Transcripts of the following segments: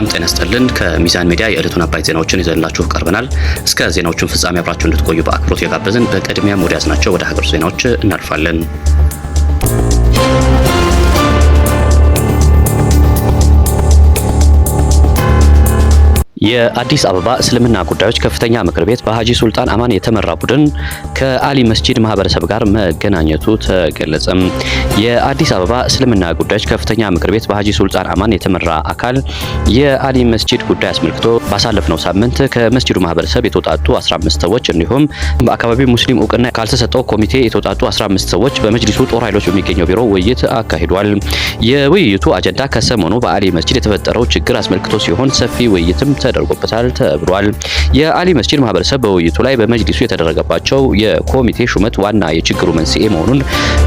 ሰላም ጤና ከሚዛን ሚዲያ የዕለቱን አባይ ዜናዎችን ይዘንላችሁ ቀርበናል። እስከ ዜናዎቹን ፍጻሜ አብራችሁ እንድትቆዩ በአክብሮት የጋበዝን። በቅድሚያም ወደ ያዝናቸው ወደ ሀገር ዜናዎች እናልፋለን። የአዲስ አበባ እስልምና ጉዳዮች ከፍተኛ ምክር ቤት በሀጂ ሱልጣን አማን የተመራ ቡድን ከአሊ መስጂድ ማህበረሰብ ጋር መገናኘቱ ተገለጸም። የአዲስ አበባ እስልምና ጉዳዮች ከፍተኛ ምክር ቤት በሀጂ ሱልጣን አማን የተመራ አካል የአሊ መስጂድ ጉዳይ አስመልክቶ ባሳለፍነው ሳምንት ከመስጂዱ ማህበረሰብ የተውጣጡ 15 ሰዎች እንዲሁም በአካባቢው ሙስሊም እውቅና ካልተሰጠው ኮሚቴ የተውጣጡ 15 ሰዎች በመጅሊሱ ጦር ኃይሎች በሚገኘው ቢሮ ውይይት አካሂዷል። የውይይቱ አጀንዳ ከሰሞኑ በአሊ መስጂድ የተፈጠረው ችግር አስመልክቶ ሲሆን ሰፊ ውይይትም ተደርጎበታል ተብሏል። የአሊ መስጂድ ማህበረሰብ በውይይቱ ላይ በመጅሊሱ የተደረገባቸው የኮሚቴ ሹመት ዋና የችግሩ መንስኤ መሆኑን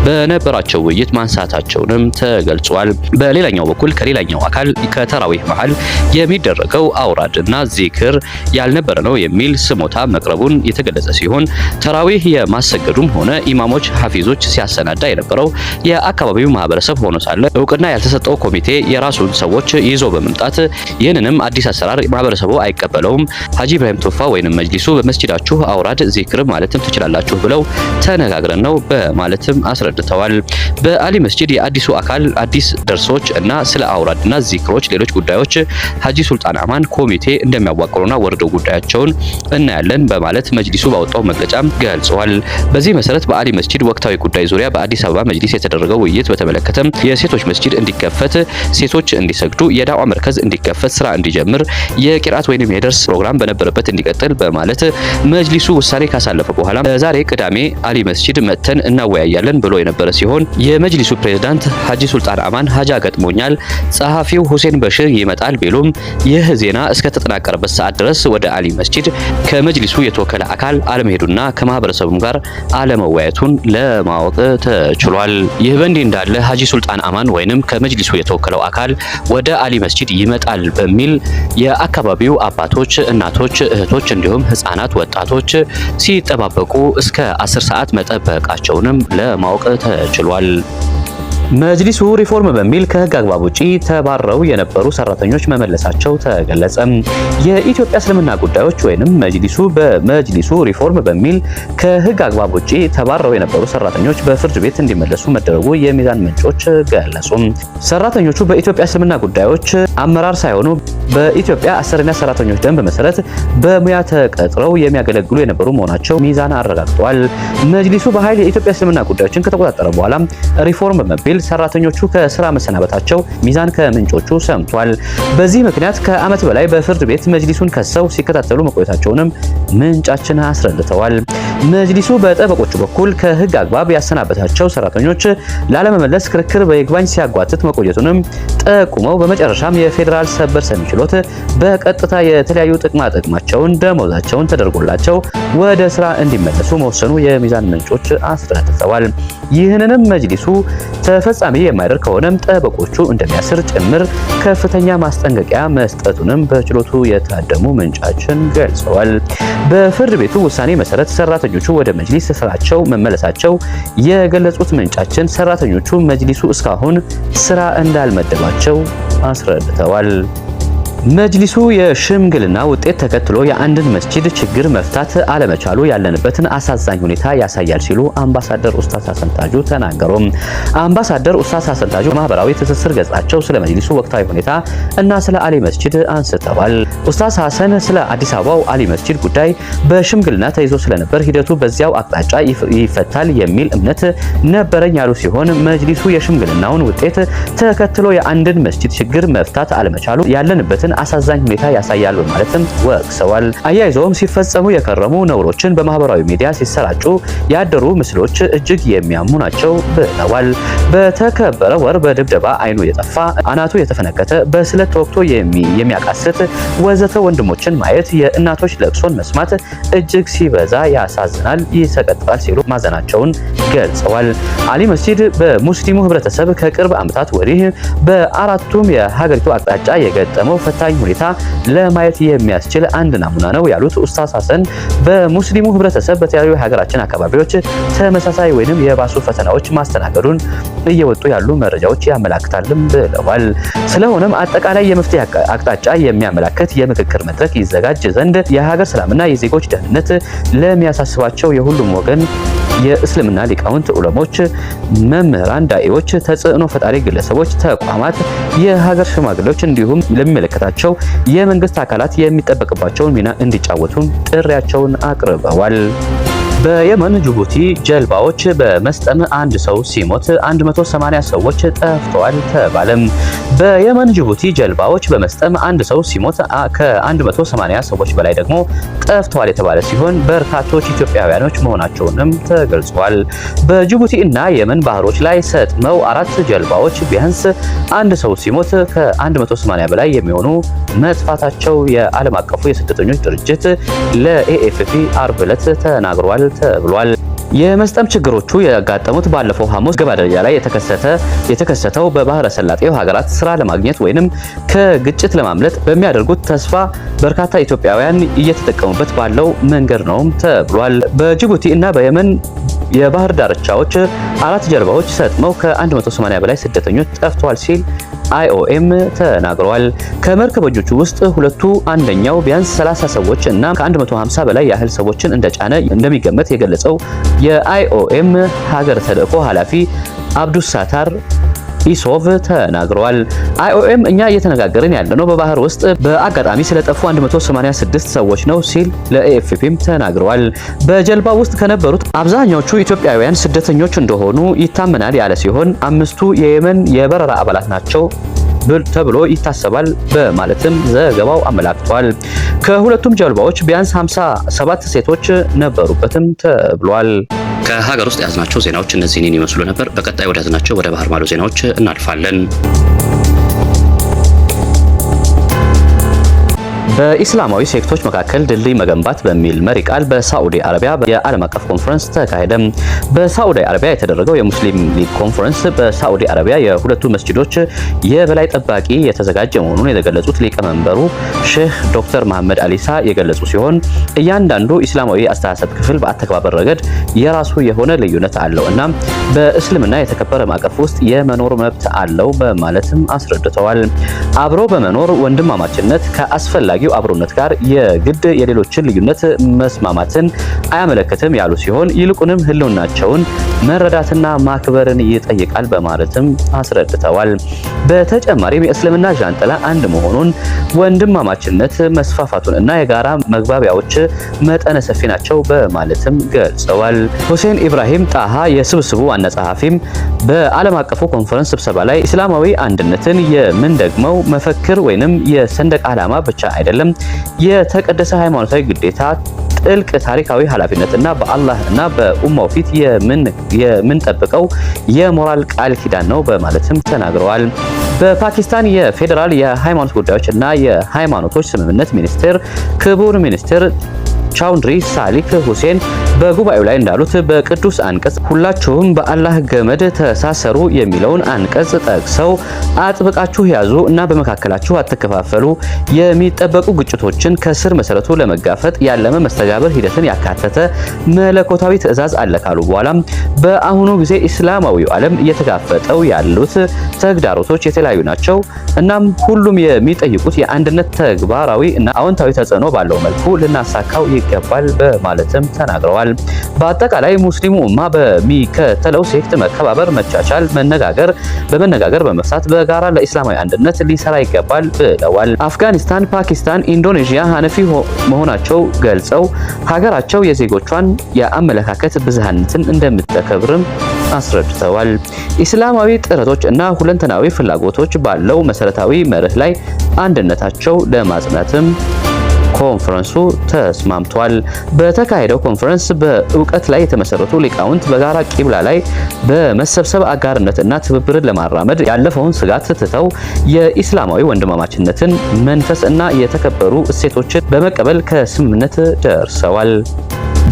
በነበራቸው ውይይት ማንሳታቸውንም ተገልጿል። በሌላኛው በኩል ከሌላኛው አካል ከተራዊህ መሃል የሚደረገው አውራድና ዚክር ያልነበረ ነው የሚል ስሞታ መቅረቡን የተገለጸ ሲሆን ተራዊህ የማሰገዱም ሆነ ኢማሞች ሀፊዞች ሲያሰናዳ የነበረው የአካባቢው ማህበረሰብ ሆኖ ሳለ እውቅና ያልተሰጠው ኮሚቴ የራሱን ሰዎች ይዞ በመምጣት ይህንንም አዲስ አሰራር ማህበረሰቡ አይቀበለውም። ሀጂ ኢብራሂም ቶፋ ወይንም መጅሊሱ በመስጂዳችሁ አውራድ ዚክር ማለትም ትችላላችሁ ብለው ተነጋግረን ነው በማለትም አስረድተዋል። በአሊ መስጂድ የአዲሱ አካል አዲስ ደርሶች እና ስለ አውራድና ዚክሮች ሌሎች ጉዳዮች ሀጂ ሱልጣን አማን ኮሚቴ እንደሚያዋቅሩና ወርደው ጉዳያቸውን እናያለን በማለት መጅሊሱ ባወጣው መግለጫ ገልጸዋል። በዚህ መሰረት በአሊ መስጂድ ወቅታዊ ጉዳይ ዙሪያ በአዲስ አበባ መጅሊስ የተደረገው ውይይት በተመለከተ የሴቶች መስጂድ እንዲከፈት፣ ሴቶች እንዲሰግዱ፣ የዳዋ መርከዝ እንዲከፈት፣ ስራ እንዲጀምር፣ የቂራት ወይም የደርስ ፕሮግራም በነበረበት እንዲቀጥል በማለት መጅሊሱ ውሳኔ ካሳለፈ በኋላ ዛሬ ቅዳሜ አሊ መስጂድ መጥተን እናወያያለን ብሎ የነበረ ሲሆን የመጅሊሱ ፕሬዝዳንት ሀጂ ሱልጣን አማን ሀጃ ገጥሞኛል፣ ጸሐፊው ሁሴን በሽር ይመጣል ቢሉም ይህ ዜና እስከተጠናቀረበት ሰዓት ድረስ ወደ አሊ መስጂድ ከመጅሊሱ የተወከለ አካል አለመሄዱና ከማህበረሰቡም ጋር አለመወያየቱን ለማወቅ ተችሏል። ይህ በእንዲህ እንዳለ ሀጂ ሱልጣን አማን ወይንም ከመጅሊሱ የተወከለው አካል ወደ አሊ መስጂድ ይመጣል በሚል የአካባቢ አካባቢው አባቶች፣ እናቶች፣ እህቶች እንዲሁም ህጻናት፣ ወጣቶች ሲጠባበቁ እስከ 10 ሰዓት መጠበቃቸውንም ለማወቅ ተችሏል። መጅሊሱ ሪፎርም በሚል ከህግ አግባብ ውጪ ተባረው የነበሩ ሰራተኞች መመለሳቸው ተገለጸ። የኢትዮጵያ እስልምና ጉዳዮች ወይንም መጅሊሱ በመጅሊሱ ሪፎርም በሚል ከህግ አግባብ ውጪ ተባረው የነበሩ ሰራተኞች በፍርድ ቤት እንዲመለሱ መደረጉ የሚዛን ምንጮች ገለጹ። ሰራተኞቹ በኢትዮጵያ እስልምና ጉዳዮች አመራር ሳይሆኑ በኢትዮጵያ አሰሪና ሰራተኞች ደንብ መሰረት በሙያ ተቀጥረው የሚያገለግሉ የነበሩ መሆናቸው ሚዛን አረጋግጧል። መጅሊሱ በኃይል የኢትዮጵያ እስልምና ጉዳዮችን ከተቆጣጠረ በኋላ ሪፎርም በሚል የመንግስት ሰራተኞቹ ከስራ መሰናበታቸው ሚዛን ከምንጮቹ ሰምቷል። በዚህ ምክንያት ከዓመት በላይ በፍርድ ቤት መጅሊሱን ከሰው ሲከታተሉ መቆየታቸውንም ምንጫችን አስረድተዋል። መጅሊሱ በጠበቆቹ በኩል ከህግ አግባብ ያሰናበታቸው ሰራተኞች ላለመመለስ ክርክር በይግባኝ ሲያጓትት መቆየቱንም ጠቁመው በመጨረሻም የፌዴራል ሰበር ሰሚ ችሎት በቀጥታ የተለያዩ ጥቅማ ጥቅማቸውን ተደርጎላቸው ወደ ስራ እንዲመለሱ መወሰኑ የሚዛን ምንጮች አስረድተዋል። ይህንንም መጅሊሱ ተፈጻሚ የማይደር ከሆነም ጠበቆቹ እንደሚያስር ጭምር ከፍተኛ ማስጠንቀቂያ መስጠቱንም በችሎቱ የታደሙ ምንጫችን ገልጸዋል። በፍርድ ቤቱ ውሳኔ መሰረት ሰራተኞቹ ወደ መጅሊስ ስራቸው መመለሳቸው የገለጹት ምንጫችን ሰራተኞቹ መጅሊሱ እስካሁን ስራ እንዳልመደባቸው አስረድተዋል። መጅሊሱ የሽምግልና ውጤት ተከትሎ የአንድን መስጂድ ችግር መፍታት አለመቻሉ ያለንበትን አሳዛኝ ሁኔታ ያሳያል ሲሉ አምባሳደር ኡስታዝ ሀሰን ታጁ ተናገሩ። አምባሳደር ኡስታዝ ሀሰን ታጁ በማህበራዊ ትስስር ገጻቸው ስለ መጅሊሱ ወቅታዊ ሁኔታ እና ስለ አሊ መስጂድ አንስተዋል። ኡስታዝ ሀሰን ስለ አዲስ አበባው አሊ መስጂድ ጉዳይ በሽምግልና ተይዞ ስለነበር ሂደቱ በዚያው አቅጣጫ ይፈታል የሚል እምነት ነበረኝ ያሉ ሲሆን መጅሊሱ የሽምግልናውን ውጤት ተከትሎ የአንድን መስጂድ ችግር መፍታት አለመቻሉ ያለንበትን አሳዛኝ ሁኔታ ያሳያል በማለትም ወቅሰዋል። አያይዘውም ሲፈጸሙ የከረሙ ነውሮችን በማህበራዊ ሚዲያ ሲሰራጩ ያደሩ ምስሎች እጅግ የሚያሙ ናቸው ብለዋል። በተከበረ ወር በድብደባ አይኑ የጠፋ አናቱ የተፈነከተ በስለት ተወቅቶ የሚያቃስት ወዘተ ወንድሞችን ማየት የእናቶች ለቅሶን መስማት እጅግ ሲበዛ ያሳዝናል፣ ይሰቀጥጣል ሲሉ ማዘናቸውን ገልጸዋል። አሊ መስጂድ በሙስሊሙ ህብረተሰብ ከቅርብ ዓመታት ወዲህ በአራቱም የሀገሪቱ አቅጣጫ የገጠመው ፈታኝ ሁኔታ ለማየት የሚያስችል አንድ ናሙና ነው ያሉት ኡስታዝ ሀሰን በሙስሊሙ ህብረተሰብ በተለያዩ የሀገራችን አካባቢዎች ተመሳሳይ ወይንም የባሱ ፈተናዎች ማስተናገዱን እየወጡ ያሉ መረጃዎች ያመላክታልም ብለዋል። ስለሆነም አጠቃላይ የመፍትሄ አቅጣጫ የሚያመላክት የምክክር መድረክ ይዘጋጅ ዘንድ የሀገር ሰላምና የዜጎች ደህንነት ለሚያሳስባቸው የሁሉም ወገን የእስልምና ሊቃውንት፣ ዑለሞች፣ መምህራን፣ ዳኢዎች፣ ተጽዕኖ ፈጣሪ ግለሰቦች፣ ተቋማት፣ የሀገር ሽማግሌዎች እንዲሁም ለሚመለከታቸው የመንግስት አካላት የሚጠበቅባቸውን ሚና እንዲጫወቱም ጥሪያቸውን አቅርበዋል። በየመን ጅቡቲ ጀልባዎች በመስጠም አንድ ሰው ሲሞት 180 ሰዎች ጠፍተዋል ተባለም። በየመን ጅቡቲ ጀልባዎች በመስጠም አንድ ሰው ሲሞት ከ180 ሰዎች በላይ ደግሞ ጠፍተዋል የተባለ ሲሆን በርካቶች ኢትዮጵያውያኖች መሆናቸውንም ተገልጿል። በጅቡቲ እና የመን ባህሮች ላይ ሰጥመው አራት ጀልባዎች ቢያንስ አንድ ሰው ሲሞት ከ180 በላይ የሚሆኑ መጥፋታቸው የዓለም አቀፉ የስደተኞች ድርጅት ለኤኤፍፒ አርብ ዕለት ተናግሯል። ተብሏል። የመስጠም ችግሮቹ ያጋጠሙት ባለፈው ሐሙስ ገባ ደረጃ ላይ የተከሰተ የተከሰተው በባህረ ሰላጤው ሀገራት ስራ ለማግኘት ወይንም ከግጭት ለማምለጥ በሚያደርጉት ተስፋ በርካታ ኢትዮጵያውያን እየተጠቀሙበት ባለው መንገድ ነውም ተብሏል። በጅቡቲ እና በየመን የባህር ዳርቻዎች አራት ጀልባዎች ሰጥመው ከ180 በላይ ስደተኞች ጠፍተዋል ሲል አይኦኤም ተናግረዋል። ከመርከበኞቹ ውስጥ ሁለቱ አንደኛው ቢያንስ 30 ሰዎች እና ከ150 በላይ ያህል ሰዎችን እንደጫነ እንደሚገመት የገለጸው የአይኦኤም ሀገር ተልእኮ ኃላፊ አብዱሳታር ኢሶቭ ተናግረዋል። አይኦኤም እኛ እየተነጋገርን ነው በባህር ውስጥ በአጋጣሚ ስለጠፉ 186 ሰዎች ነው ሲል ለኤኤፍፒም ተናግረዋል። በጀልባ ውስጥ ከነበሩት አብዛኛዎቹ ኢትዮጵያውያን ስደተኞች እንደሆኑ ይታመናል ያለ ሲሆን አምስቱ የየመን የበረራ አባላት ናቸው ተብሎ ይታሰባል በማለትም ዘገባው አመላክቷል። ከሁለቱም ጀልባዎች ቢያንስ 57 ሴቶች ነበሩበትም ተብሏል። ከሀገር ውስጥ የያዝናቸው ዜናዎች እነዚህን ይመስሉ ነበር። በቀጣይ ወደ ያዝናቸው ወደ ባህር ማዶ ዜናዎች እናልፋለን። በኢስላማዊ ሴክቶች መካከል ድልድይ መገንባት በሚል መሪ ቃል በሳዑዲ አረቢያ የዓለም አቀፍ ኮንፈረንስ ተካሄደ። በሳዑዲ አረቢያ የተደረገው የሙስሊም ሊግ ኮንፈረንስ በሳዑዲ አረቢያ የሁለቱ መስጂዶች የበላይ ጠባቂ የተዘጋጀ መሆኑን የተገለጹት ሊቀመንበሩ ሼህ ዶክተር መሐመድ አሊሳ የገለጹ ሲሆን እያንዳንዱ ኢስላማዊ አስተሳሰብ ክፍል በአተከባበር ረገድ የራሱ የሆነ ልዩነት አለው እና በእስልምና የተከበረ ማዕቀፍ ውስጥ የመኖር መብት አለው በማለትም አስረድተዋል። አብሮ በመኖር ወንድማማችነት ከአስፈላጊ ከአስፈላጊው አብሮነት ጋር የግድ የሌሎችን ልዩነት መስማማትን አያመለክትም ያሉ ሲሆን ይልቁንም ህልውናቸውን መረዳትና ማክበርን ይጠይቃል በማለትም አስረድተዋል። በተጨማሪም የእስልምና ዣንጥላ አንድ መሆኑን ወንድማማችነት መስፋፋቱን እና የጋራ መግባቢያዎች መጠነ ሰፊ ናቸው በማለትም ገልጸዋል። ሁሴን ኢብራሂም ጣሃ የስብስቡ ዋና ጸሐፊም በዓለም አቀፉ ኮንፈረንስ ስብሰባ ላይ ኢስላማዊ አንድነትን የምንደግመው መፈክር ወይንም የሰንደቅ ዓላማ ብቻ አይደለም አይደለም የተቀደሰ ሃይማኖታዊ ግዴታ ጥልቅ ታሪካዊ እና በአላህ እና በኡማው ፊት የምንጠብቀው የሞራል ቃል ኪዳን ነው በማለትም ተናግረዋል። በፓኪስታን የፌዴራል የሃይማኖት ጉዳዮች እና የሃይማኖቶች ስምምነት ሚኒስቴር ክቡር ሚኒስትር ቻውንድሪ ሳሊክ ሁሴን በጉባኤው ላይ እንዳሉት በቅዱስ አንቀጽ ሁላችሁም በአላህ ገመድ ተሳሰሩ የሚለውን አንቀጽ ጠቅሰው አጥብቃችሁ ያዙ እና በመካከላችሁ አትከፋፈሉ። የሚጠበቁ ግጭቶችን ከስር መሰረቱ ለመጋፈጥ ያለመ መስተጋበር ሂደትን ያካተተ መለኮታዊ ትዕዛዝ አለ ካሉ በኋላም በአሁኑ ጊዜ ኢስላማዊው ዓለም እየተጋፈጠው ያሉት ተግዳሮቶች የተለያዩ ናቸው። እናም ሁሉም የሚጠይቁት የአንድነት ተግባራዊ እና አዎንታዊ ተጽዕኖ ባለው መልኩ ልናሳካው ይገባል በማለትም ተናግረዋል። በአጠቃላይ ሙስሊሙ ኡማ በሚከተለው ሴክት መከባበር፣ መቻቻል፣ መነጋገር በመነጋገር በመፍታት በጋራ ለኢስላማዊ አንድነት ሊሰራ ይገባል ብለዋል። አፍጋኒስታን፣ ፓኪስታን፣ ኢንዶኔዥያ ሀነፊ መሆናቸው ገልጸው ሀገራቸው የዜጎቿን የአመለካከት ብዝሃነትን እንደምታከብርም አስረድተዋል። ኢስላማዊ ጥረቶች እና ሁለንተናዊ ፍላጎቶች ባለው መሰረታዊ መርህ ላይ አንድነታቸው ለማጽናትም ኮንፈረንሱ ተስማምቷል። በተካሄደው ኮንፈረንስ በእውቀት ላይ የተመሰረቱ ሊቃውንት በጋራ ቂብላ ላይ በመሰብሰብ አጋርነትና ትብብርን ለማራመድ ያለፈውን ስጋት ትተው የኢስላማዊ ወንድማማችነትን መንፈስ እና የተከበሩ እሴቶችን በመቀበል ከስምምነት ደርሰዋል።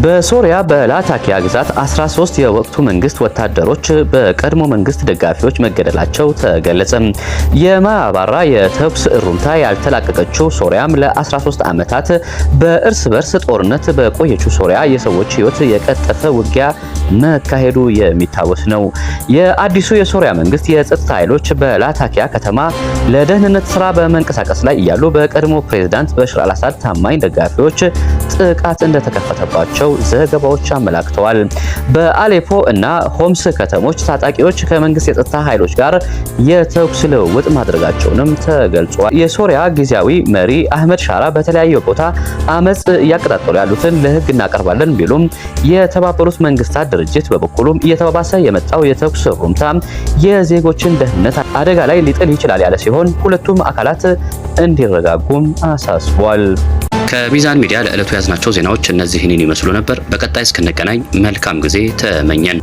በሶሪያ በላታኪያ ግዛት 13 የወቅቱ መንግስት ወታደሮች በቀድሞ መንግስት ደጋፊዎች መገደላቸው ተገለጸ። የማያባራ የተኩስ እሩምታ ያልተላቀቀችው ሶሪያም ለ13 ዓመታት በእርስ በርስ ጦርነት በቆየችው ሶሪያ የሰዎች ህይወት የቀጠፈ ውጊያ መካሄዱ የሚታወስ ነው። የአዲሱ የሶሪያ መንግስት የጸጥታ ኃይሎች በላታኪያ ከተማ ለደህንነት ስራ በመንቀሳቀስ ላይ እያሉ በቀድሞ ፕሬዝዳንት በሽር አልአሳድ ታማኝ ደጋፊዎች ጥቃት እንደተከፈተባቸው መሆናቸው ዘገባዎች አመላክተዋል። በአሌፖ እና ሆምስ ከተሞች ታጣቂዎች ከመንግስት የጸጥታ ኃይሎች ጋር የተኩስ ልውውጥ ማድረጋቸውንም ተገልጿል። የሶሪያ ጊዜያዊ መሪ አህመድ ሻራ በተለያየ ቦታ አመጽ እያቀጣጠሉ ያሉትን ለህግ እናቀርባለን ቢሉም የተባበሩት መንግስታት ድርጅት በበኩሉም እየተባባሰ የመጣው የተኩስ ሩምታ የዜጎችን ደህንነት አደጋ ላይ ሊጥል ይችላል ያለ ሲሆን ሁለቱም አካላት እንዲረጋጉም አሳስቧል። ከቢዛን ሚዲያ ለዕለቱ ያዝናቸው ዜናዎች እነዚህን ይመስሉ ነበር። በቀጣይ እስክንገናኝ መልካም ጊዜ ተመኘን።